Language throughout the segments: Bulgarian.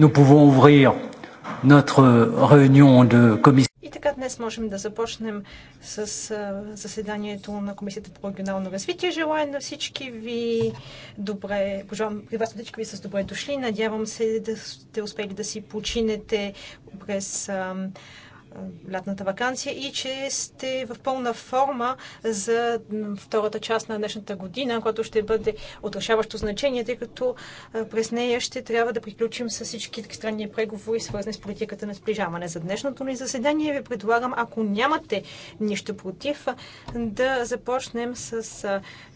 Nous pouvons ouvrir notre réunion de commission. И така днес можем да започнем с заседанието на Комисията по регионално развитие. Желая на всички ви добре, пожелавам при вас всички ви с добре дошли. Надявам се да сте успели да си починете през лятната вакансия и че сте в пълна форма за втората част на днешната година, която ще бъде отрешаващо значение, тъй като през нея ще трябва да приключим с всички странни преговори, свързани с политиката на сближаване. За днешното ни заседание ви предлагам, ако нямате нищо против, да започнем с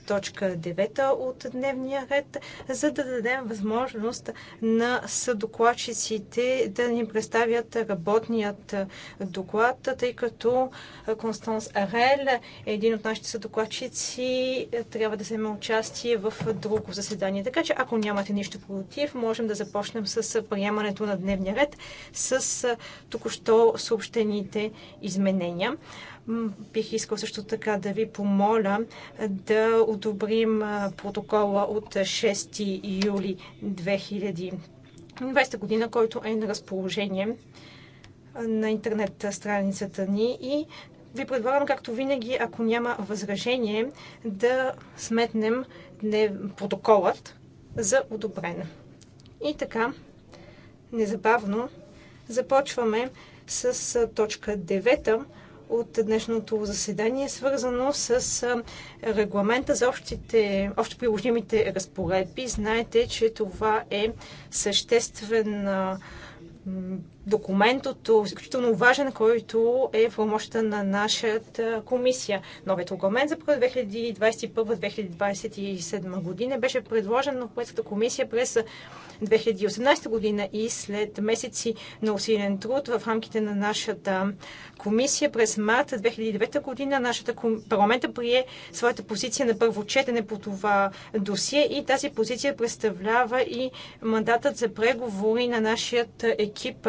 точка 9 от дневния ред, за да дадем възможност на съдокладчиците да ни представят работният доклад, тъй като Констанс Арел, един от нашите съдокладчици, трябва да вземе участие в друго заседание. Така че, ако нямате нищо против, можем да започнем с приемането на дневния ред с току-що съобщените изменения. Бих искал също така да ви помоля да одобрим протокола от 6 юли 2020 година, който е на разположение на интернет страницата ни и ви предлагам, както винаги, ако няма възражение, да сметнем протоколът за одобрен. И така, незабавно започваме с точка 9 от днешното заседание, свързано с регламента за общите, общо приложимите разпоредби. Знаете, че това е съществен документ от изключително важен, който е в помощта на нашата комисия. Новият регламент за 2021-2027 година беше предложен на Европейската комисия през 2018 година и след месеци на усилен труд в рамките на нашата комисия през март 2009 година нашата ком... парламента прие своята позиция на първо четене по това досие и тази позиция представлява и мандатът за преговори на нашия екип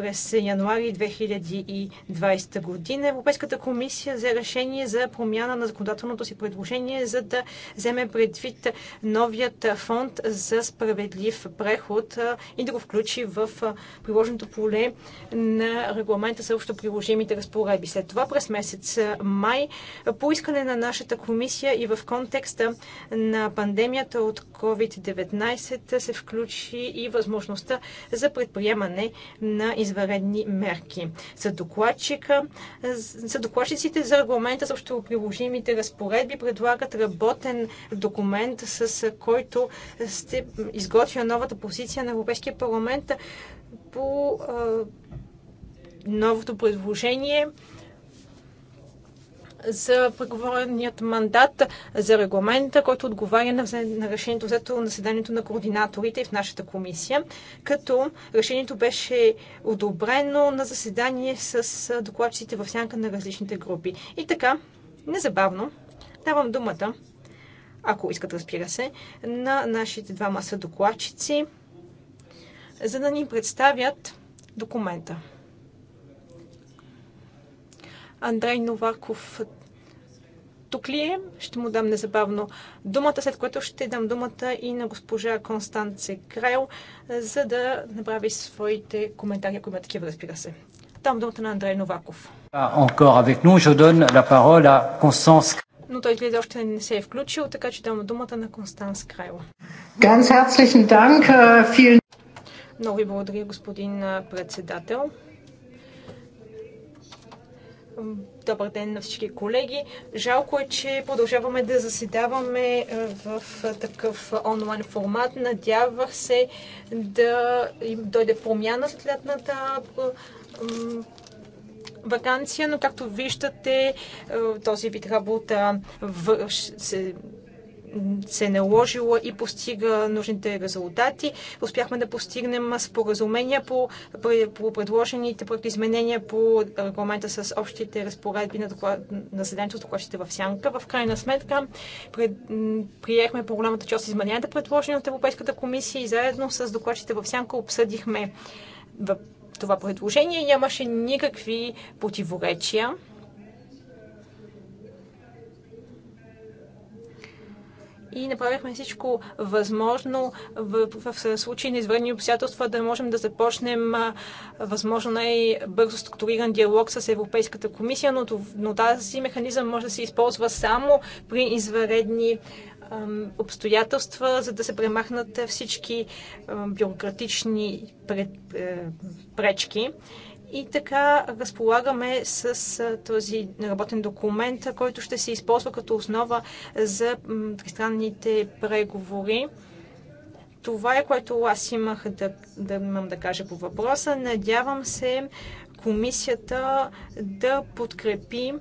през януари 2020 година Европейската комисия взе решение за промяна на законодателното си предложение, за да вземе предвид новият фонд за справедлив преход и да го включи в приложеното поле на регламента за общо приложимите разпоредби. След това през месец май по искане на нашата комисия и в контекста на пандемията от COVID-19 се включи и възможността за предприемане на извънредни мерки. За докладчика, за докладчиците за регламента с общо приложимите разпоредби предлагат работен документ, с който сте изготвя новата позиция на Европейския парламент по новото предложение за преговореният мандат за регламента, който отговаря на, на решението взето на седанието на координаторите в нашата комисия, като решението беше одобрено на заседание с докладчиците в сянка на различните групи. И така, незабавно, давам думата, ако искат, разбира се, на нашите двама докладчици, за да ни представят документа. Андрей Новаков. тук ли е? Ще му дам незабавно думата, след което ще дам думата и на госпожа Констанце Крел, за да направи своите коментари, ако има такива, разбира се. Там думата на Андрей Новаков. Но той гледа още не се е включил, така че дам думата на Констанс Крайла. Äh, Много ви благодаря, господин председател. Добър ден на всички колеги. Жалко е, че продължаваме да заседаваме е, в е, такъв онлайн формат. Надявах се да им дойде промяна след лятната е, вакансия, но както виждате, този вид работа се се е наложила и постига нужните резултати. Успяхме да постигнем споразумения по, по предложените изменения по регламента с общите разпоредби на, на заседанието с докладчите в Сянка. В крайна сметка пред, приехме по-голямата част измененията, предложени от Европейската комисия и заедно с докладчите в Сянка обсъдихме това предложение. Нямаше никакви противоречия. и направихме всичко възможно в, в, в случай на извънни обстоятелства да можем да започнем а, възможно най-бързо структуриран диалог с Европейската комисия, но, но тази механизъм може да се използва само при извънредни обстоятелства, за да се премахнат всички бюрократични е, пречки. И така разполагаме с този работен документ, който ще се използва като основа за тристранните преговори. Това е което аз имах да, да, имам да кажа по въпроса. Надявам се комисията да подкрепи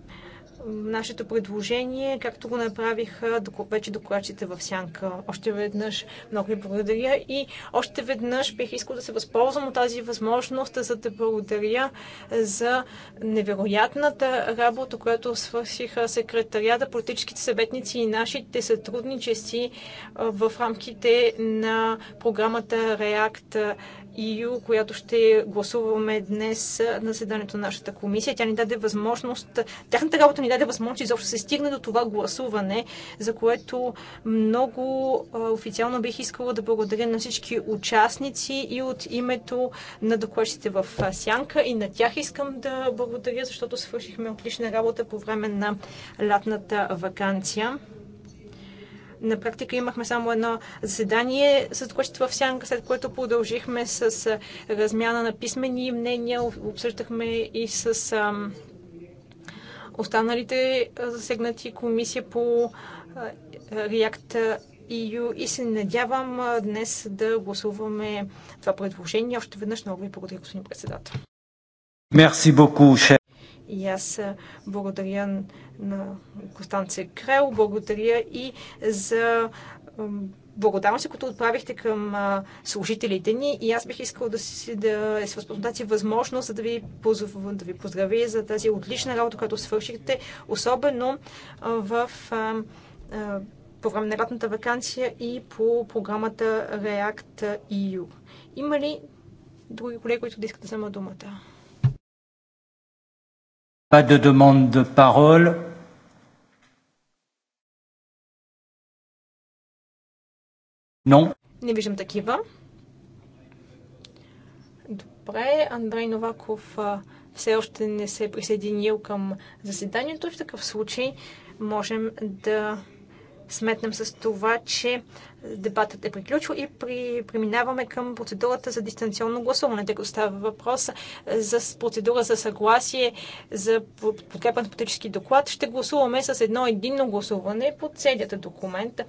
нашето предложение, както го направиха вече докладчите в Сянка. Още веднъж много ви благодаря и още веднъж бих искал да се възползвам от тази възможност, за да благодаря за невероятната работа, която свършиха секретарията, политическите съветници и нашите сътрудничести в рамките на програмата REACT EU, която ще гласуваме днес на заседанието на нашата комисия. Тя ни даде възможност, тяхната работа ни даде даде възможност изобщо се стигне до това гласуване, за което много официално бих искала да благодаря на всички участници и от името на докладчите в Сянка и на тях искам да благодаря, защото свършихме отлична работа по време на лятната вакансия на практика имахме само едно заседание, с докладчите в сянка, след което продължихме с размяна на писмени мнения, обсъждахме и с останалите засегнати комисия по React EU и се надявам днес да гласуваме това предложение. Още веднъж много ви благодаря, господин председател. Мерси боку, и аз благодаря на Костанце Крел, благодаря и за благодарност, като отправихте към служителите ни и аз бих искал да, си, да е се възползвам тази възможност, за да ви, позов... да ви поздравя за тази отлична работа, която свършихте, особено в по време на лятната вакансия и по програмата React EU. Има ли други колеги, които да искат да вземат думата? Pas de demande de parole. Но. Не виждам такива. Добре, Андрей Новаков все още не се е присъединил към заседанието. В такъв случай можем да сметнем с това, че дебатът е приключил и при, преминаваме към процедурата за дистанционно гласуване, тъй като става въпрос за процедура за съгласие за подкрепен на политически доклад. Ще гласуваме с едно единно гласуване по целият документ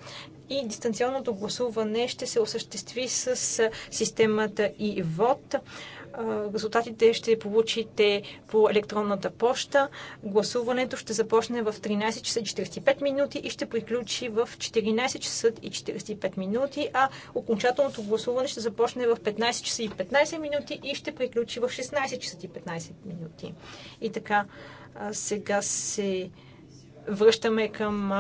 и дистанционното гласуване ще се осъществи с системата и вод резултатите ще получите по електронната поща. Гласуването ще започне в 13 часа 45 минути и ще приключи в 14 часа и 45 минути, а окончателното гласуване ще започне в 15 часа и 15 минути и ще приключи в 16 часа и 15 минути. И така, сега се връщаме към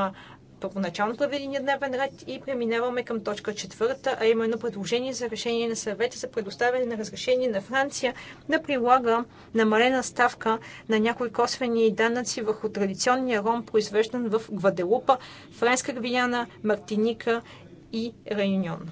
първоначално проведения дневен ред и преминаваме към точка четвърта, а именно предложение за решение на съвета за предоставяне на разрешение на Франция да прилага намалена ставка на някои косвени данъци върху традиционния ром, произвеждан в Гваделупа, Френска Гвиана, Мартиника и Реюнион.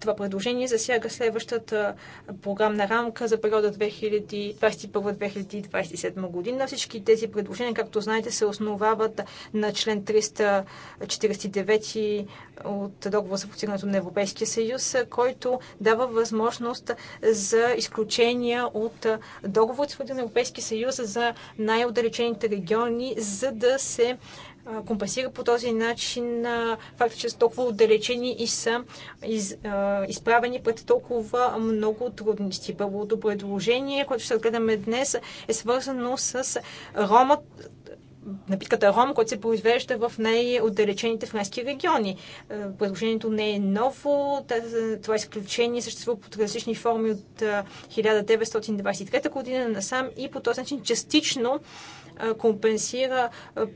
Това предложение засяга следващата програмна рамка за периода 2021-2027 година. Всички тези предложения, както знаете, се основават на член 349 от договора за постигането на Европейския съюз, който дава възможност за изключения от договорите на Европейския съюз за най-отдалечените региони, за да се компенсира по този начин факта, че са толкова отдалечени и са из, а, изправени пред толкова много трудности. Първото предложение, което ще разгледаме днес, е свързано с Рома, напитката ром, който се произвежда в най-отдалечените френски региони. Предложението не е ново. Това изключение съществува под различни форми от 1923 година насам и по този начин частично компенсира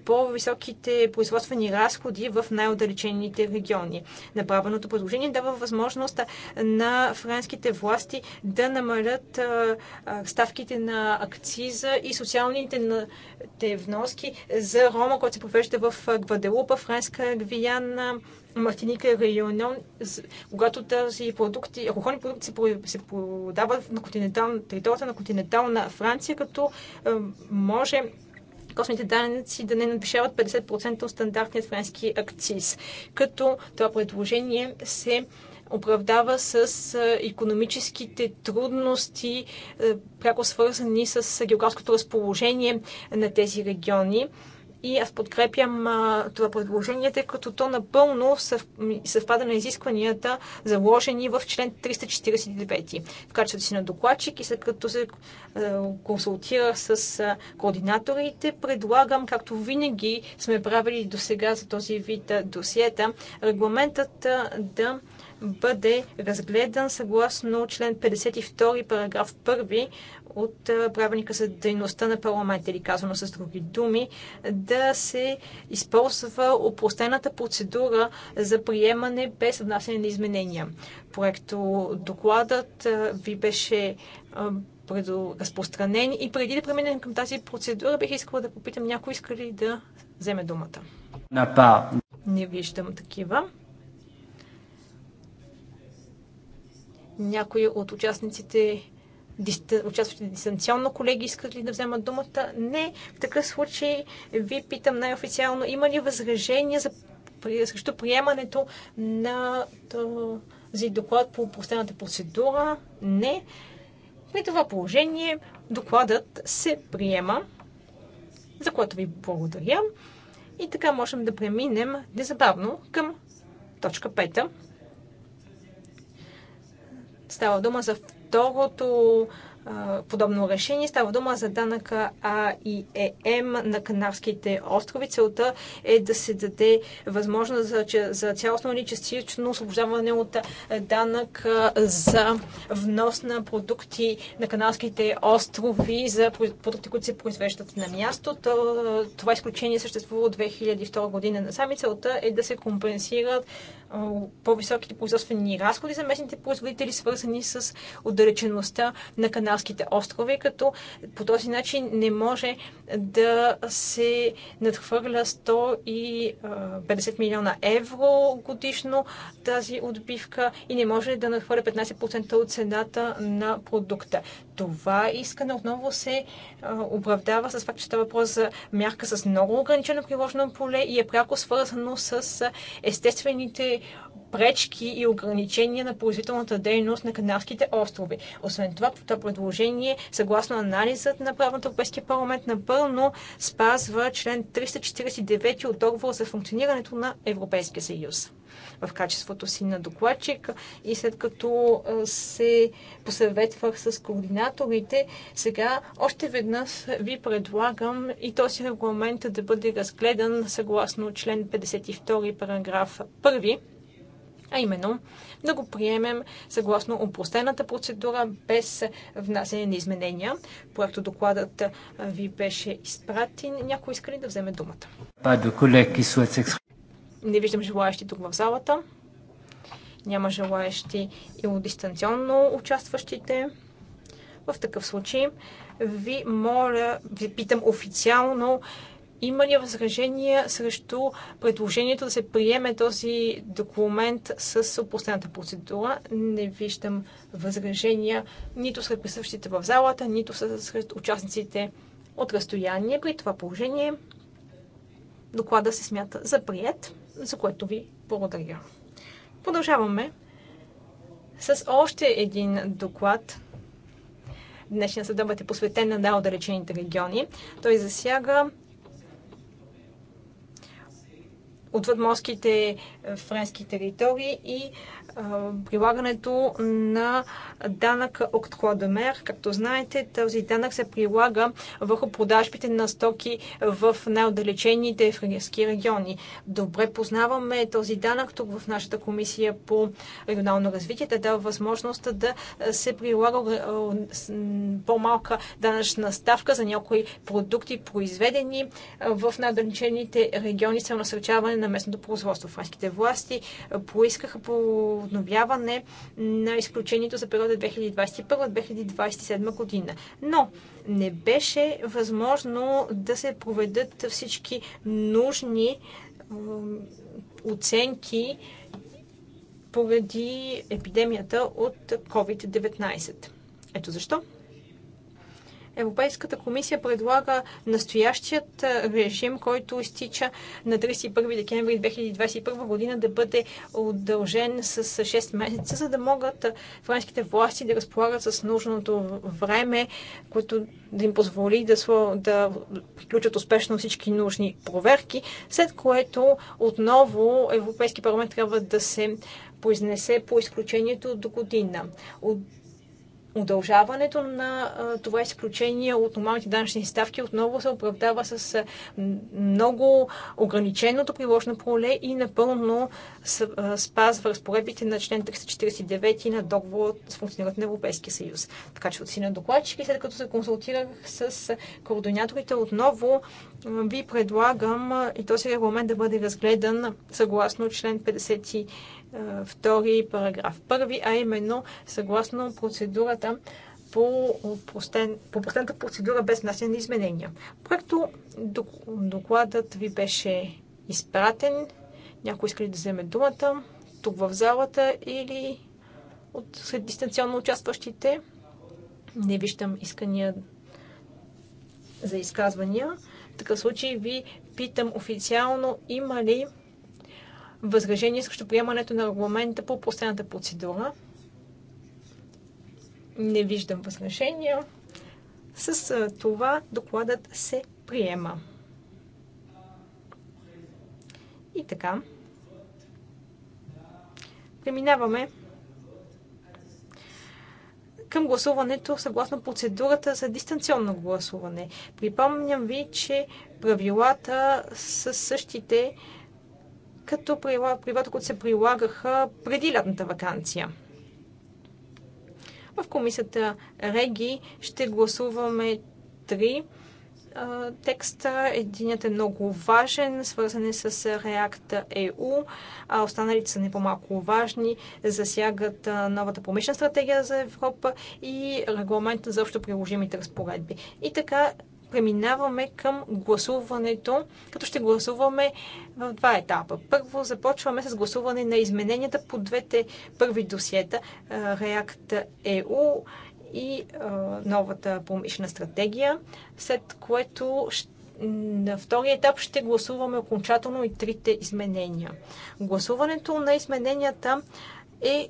по-високите производствени разходи в най-отдалечените региони. Направеното предложение дава възможност на френските власти да намалят ставките на акциза и социалните вноски за Рома, който се провежда в Гваделупа, Френска Гвиана, Мартиника и Реюнион, когато тези продукти, алкохолни продукти се продават на територията на континентална Франция, като може косвените данъци да не надвишават 50% от стандартният френски акциз. Като това предложение се оправдава с економическите трудности, пряко свързани с географското разположение на тези региони и аз подкрепям а, това предложение, тъй като то напълно съв... съвпада на изискванията, заложени в член 349. В качеството си на докладчик и след като се а, консултира с а, координаторите, предлагам, както винаги сме правили до сега за този вид досиета, регламентът да бъде разгледан съгласно член 52, параграф 1 от правилника за дейността на парламента, или казано с други думи, да се използва опростената процедура за приемане без внасяне на изменения. Проекто докладът ви беше предразпространен и преди да преминем към тази процедура, бих искала да попитам някой иска ли да вземе думата. Не виждам такива. Някои от участниците участващите дистанционно колеги искат ли да вземат думата? Не. В такъв случай ви питам най-официално, има ли възражения за, срещу приемането на този доклад по простената процедура? Не. При това положение докладът се приема, за което ви благодаря. И така можем да преминем незабавно към точка 5 Става дума за второто подобно решение. Става дума за данъка А и ЕМ на Канарските острови. Целта е да се даде възможност за, за цялостно или частично освобождаване от данък за внос на продукти на Канарските острови за продукти, които се произвеждат на място. Това изключение съществува от 2002 година на сами. Целта е да се компенсират по-високите производствени разходи за местните производители, свързани с отдалечеността на Канарските Канарските острови, като по този начин не може да се надхвърля 150 милиона евро годишно тази отбивка и не може да надхвърля 15% от цената на продукта. Това искане отново се оправдава с факт, че става въпрос за мярка с много ограничено приложено поле и е пряко свързано с естествените пречки и ограничения на производителната дейност на Канарските острови. Освен това, това предложение предложение, съгласно анализът на правното Европейския парламент, напълно спазва член 349 от договора за функционирането на Европейския съюз. В качеството си на докладчик и след като се посъветвах с координаторите, сега още веднъж ви предлагам и този регламент да бъде разгледан съгласно член 52 параграф 1 а именно да го приемем съгласно опростената процедура без внасяне на изменения. Проекто докладът ви беше изпратен. Някой иска ли да вземе думата? Не виждам желаящи тук в залата. Няма желаящи и от дистанционно участващите. В такъв случай ви моля, ви питам официално има ли възражения срещу предложението да се приеме този документ с опустената процедура? Не виждам възражения нито сред присъщите в залата, нито сред участниците от разстояние. При това положение доклада се смята за прият, за което ви благодаря. Продължаваме с още един доклад. Днешният съдъбът е посветен на най-отдалечените региони. Той засяга отвъдморските е, френски територии и прилагането на данък от Кладамер. Както знаете, този данък се прилага върху продажбите на стоки в най-отдалечените френски региони. Добре познаваме този данък тук в нашата комисия по регионално развитие. Те дава възможност да се прилага по-малка данъчна ставка за някои продукти, произведени в най-отдалечените региони с насърчаване на местното производство. Франските власти поискаха по обновяване на изключението за периода 2021-2027 година. Но не беше възможно да се проведат всички нужни оценки поради епидемията от COVID-19. Ето защо Европейската комисия предлага настоящият е, режим, който изтича на 31 декември 2021 година да бъде удължен с 6 месеца, за да могат е, френските власти да разполагат с нужното време, което да им позволи да, да приключат успешно всички нужни проверки, след което отново Европейски парламент трябва да се произнесе по изключението до година. От удължаването на това изключение от нормалните данъчни ставки отново се оправдава с много ограниченото приложено поле и напълно спазва разпоредбите на член 349 на договор с функционирането на Европейския съюз. Така че от си на докладчик и след като се консултирах с координаторите отново ви предлагам и този регламент да бъде разгледан съгласно член 50 втори параграф първи, а именно съгласно процедурата по, простен, по простената процедура без внасяне на изменения. Проекто докладът ви беше изпратен. Някой иска ли да вземе думата тук в залата или от след дистанционно участващите? Не виждам искания за изказвания. В такъв случай ви питам официално има ли възражение срещу приемането на регламента по последната процедура? Не виждам възражения. С това докладът се приема. И така. Преминаваме към гласуването съгласно процедурата за дистанционно гласуване. Припомням ви, че правилата са същите като правилата, които се прилагаха преди лятната вакансия. В комисията Реги ще гласуваме три текста. Единият е много важен, свързан е с React EU, а останалите са не по-малко важни, засягат новата помишна стратегия за Европа и регламента за общо приложимите разпоредби. И така преминаваме към гласуването, като ще гласуваме в два етапа. Първо започваме с гласуване на измененията по двете първи досиета React EU и новата помишна стратегия, след което ще на втория етап ще гласуваме окончателно и трите изменения. Гласуването на измененията е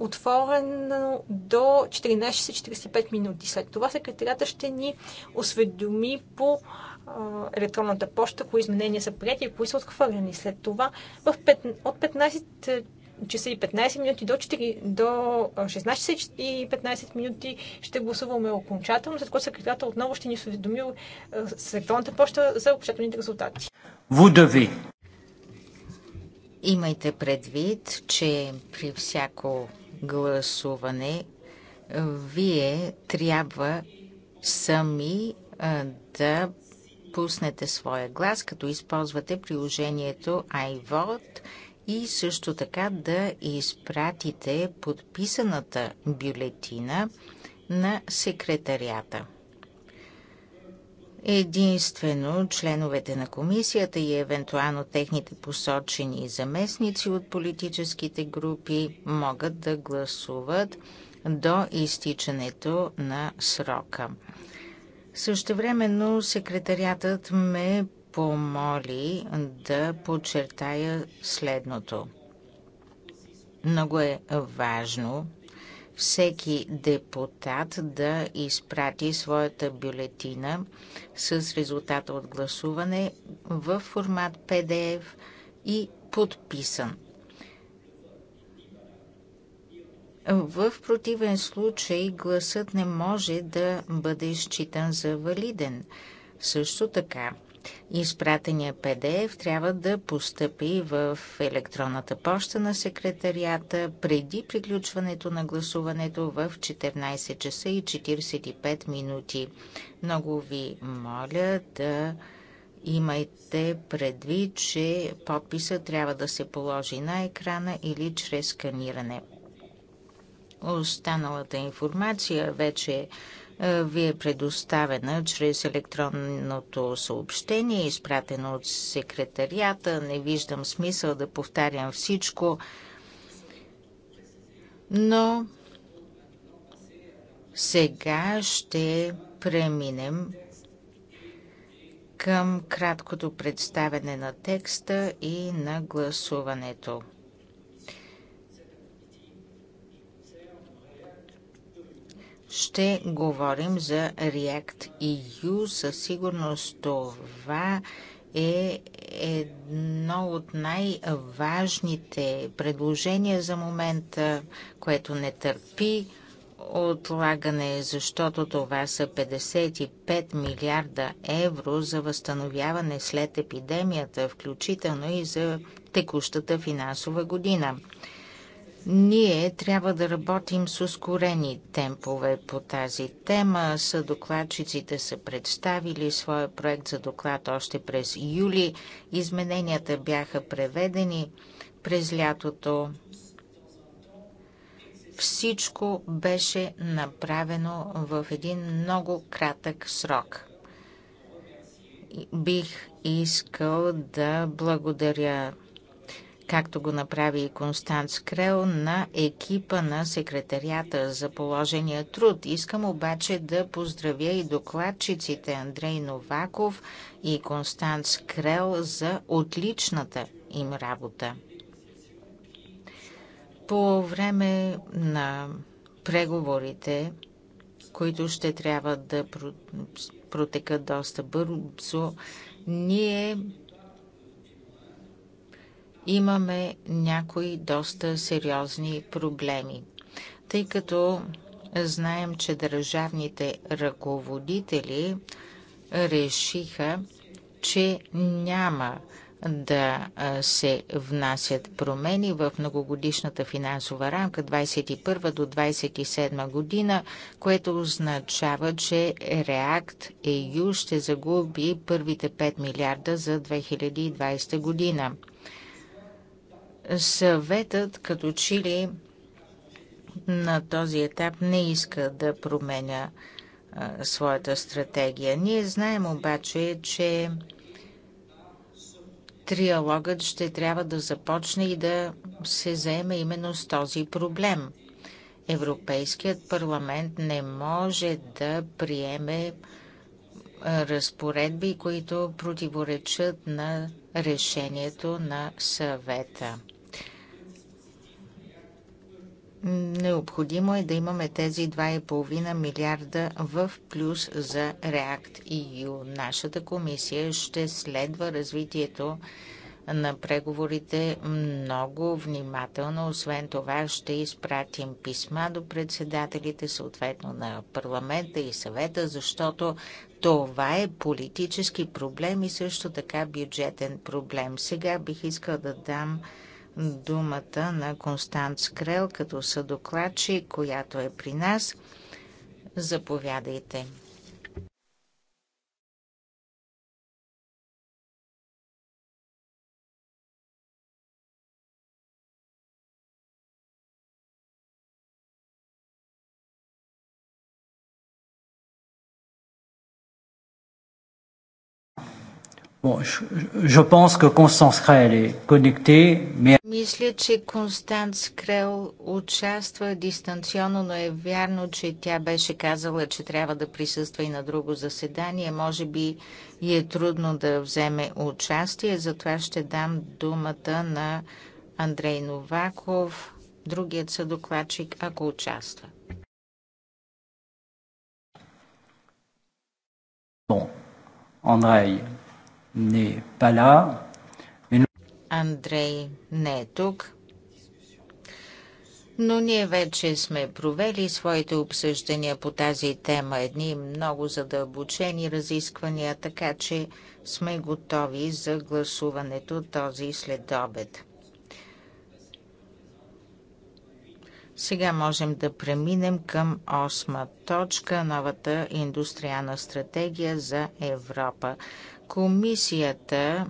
отворено до 14.45 минути. След това секретарята ще ни осведоми по електронната почта, кои изменения са прияти и кои са отхвърлени. След това в 5, от 15 часа и 15 минути до, 4, до 16 часа и 15 минути ще гласуваме окончателно, след което секретарята отново ще ни осведоми с електронната почта за окончателните резултати. Вудави. Имайте предвид, че при всяко гласуване вие трябва сами да пуснете своя глас, като използвате приложението iVote и също така да изпратите подписаната бюлетина на секретарията. Единствено членовете на комисията и евентуално техните посочени заместници от политическите групи могат да гласуват до изтичането на срока. Същевременно секретариатът ме помоли да подчертая следното. Много е важно всеки депутат да изпрати своята бюлетина с резултата от гласуване в формат PDF и подписан. В противен случай гласът не може да бъде считан за валиден. Също така Изпратения PDF трябва да постъпи в електронната поща на секретарията преди приключването на гласуването в 14 часа и 45 минути. Много ви моля да имайте предвид, че подписа трябва да се положи на екрана или чрез сканиране. Останалата информация вече е е, ви е предоставена чрез електронното съобщение, изпратено от секретарията. Не виждам смисъл да повтарям всичко, но сега ще преминем към краткото представяне на текста и на гласуването. ще говорим за React EU. Със сигурност това е едно от най-важните предложения за момента, което не търпи отлагане, защото това са 55 милиарда евро за възстановяване след епидемията, включително и за текущата финансова година. Ние трябва да работим с ускорени темпове по тази тема. Съдокладчиците са представили своя проект за доклад още през юли. Измененията бяха преведени през лятото. Всичко беше направено в един много кратък срок. Бих искал да благодаря както го направи и Констанц Крел, на екипа на секретарията за положения труд. Искам обаче да поздравя и докладчиците Андрей Новаков и Констанц Крел за отличната им работа. По време на преговорите, които ще трябва да протекат доста бързо, ние имаме някои доста сериозни проблеми, тъй като знаем, че държавните ръководители решиха, че няма да се внасят промени в многогодишната финансова рамка 21 до 27 година, което означава, че Реакт ЕЮ ще загуби първите 5 милиарда за 2020 година. Съветът като чили на този етап не иска да променя а, своята стратегия. Ние знаем обаче, че триалогът ще трябва да започне и да се заеме именно с този проблем. Европейският парламент не може да приеме разпоредби, които противоречат на решението на съвета. Необходимо е да имаме тези 2,5 милиарда в плюс за React EU. Нашата комисия ще следва развитието на преговорите много внимателно. Освен това ще изпратим писма до председателите, съответно на парламента и съвета, защото това е политически проблем и също така бюджетен проблем. Сега бих искал да дам думата на Констант Скрел като съдокладчи, която е при нас. Заповядайте. Мисля, че Констанц Крел участва дистанционно, но е вярно, че тя беше казала, че трябва да присъства и на друго заседание. Може би и е трудно да вземе участие, затова ще дам думата на Андрей Новаков, другият съдокладчик, ако участва. Андрей, не е пала. Андрей не е тук, но ние вече сме провели своите обсъждания по тази тема, едни много задълбочени разисквания, така че сме готови за гласуването този следобед. Сега можем да преминем към осма точка, новата индустриална стратегия за Европа. Комисията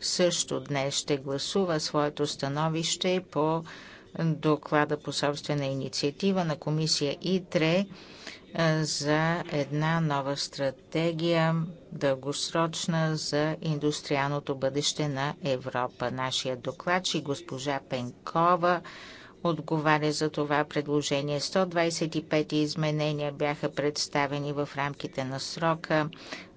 също днес ще гласува своето становище по доклада по собствена инициатива на комисия ИТРЕ за една нова стратегия, дългосрочна за индустриалното бъдеще на Европа. Нашия доклад и госпожа Пенкова отговаря за това предложение. 125 изменения бяха представени в рамките на срока.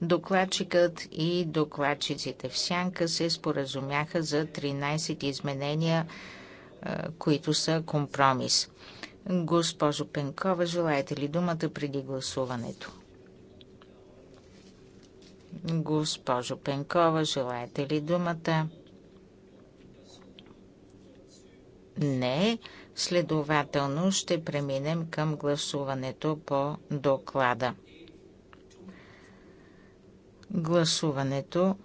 Докладчикът и докладчиците в сянка се споразумяха за 13 изменения, които са компромис. Госпожо Пенкова, желаете ли думата преди гласуването? Госпожо Пенкова, желаете ли думата? Не. Следователно ще преминем към гласуването по доклада. Гласуването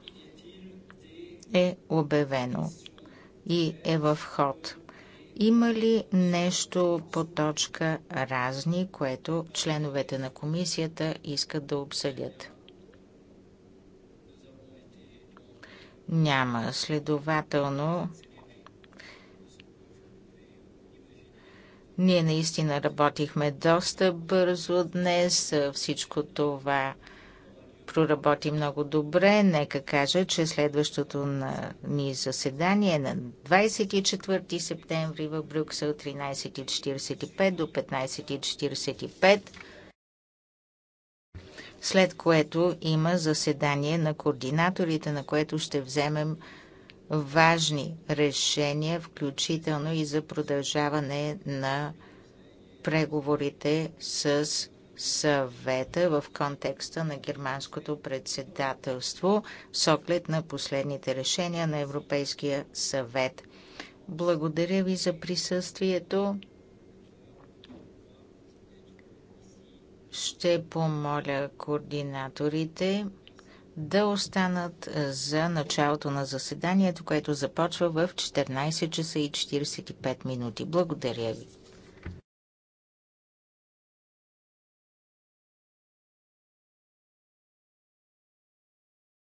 е обявено и е в ход. Има ли нещо по точка разни, което членовете на комисията искат да обсъдят? Няма. Следователно, Ние наистина работихме доста бързо днес. Всичко това проработи много добре. Нека кажа, че следващото на ни заседание е на 24 септември в Брюксел 13.45 до 15.45 след което има заседание на координаторите, на което ще вземем важни решения, включително и за продължаване на преговорите с съвета в контекста на германското председателство с оглед на последните решения на Европейския съвет. Благодаря ви за присъствието. Ще помоля координаторите да останат е, за началото на заседанието, което започва в 14 часа и 45 минути. Благодаря ви.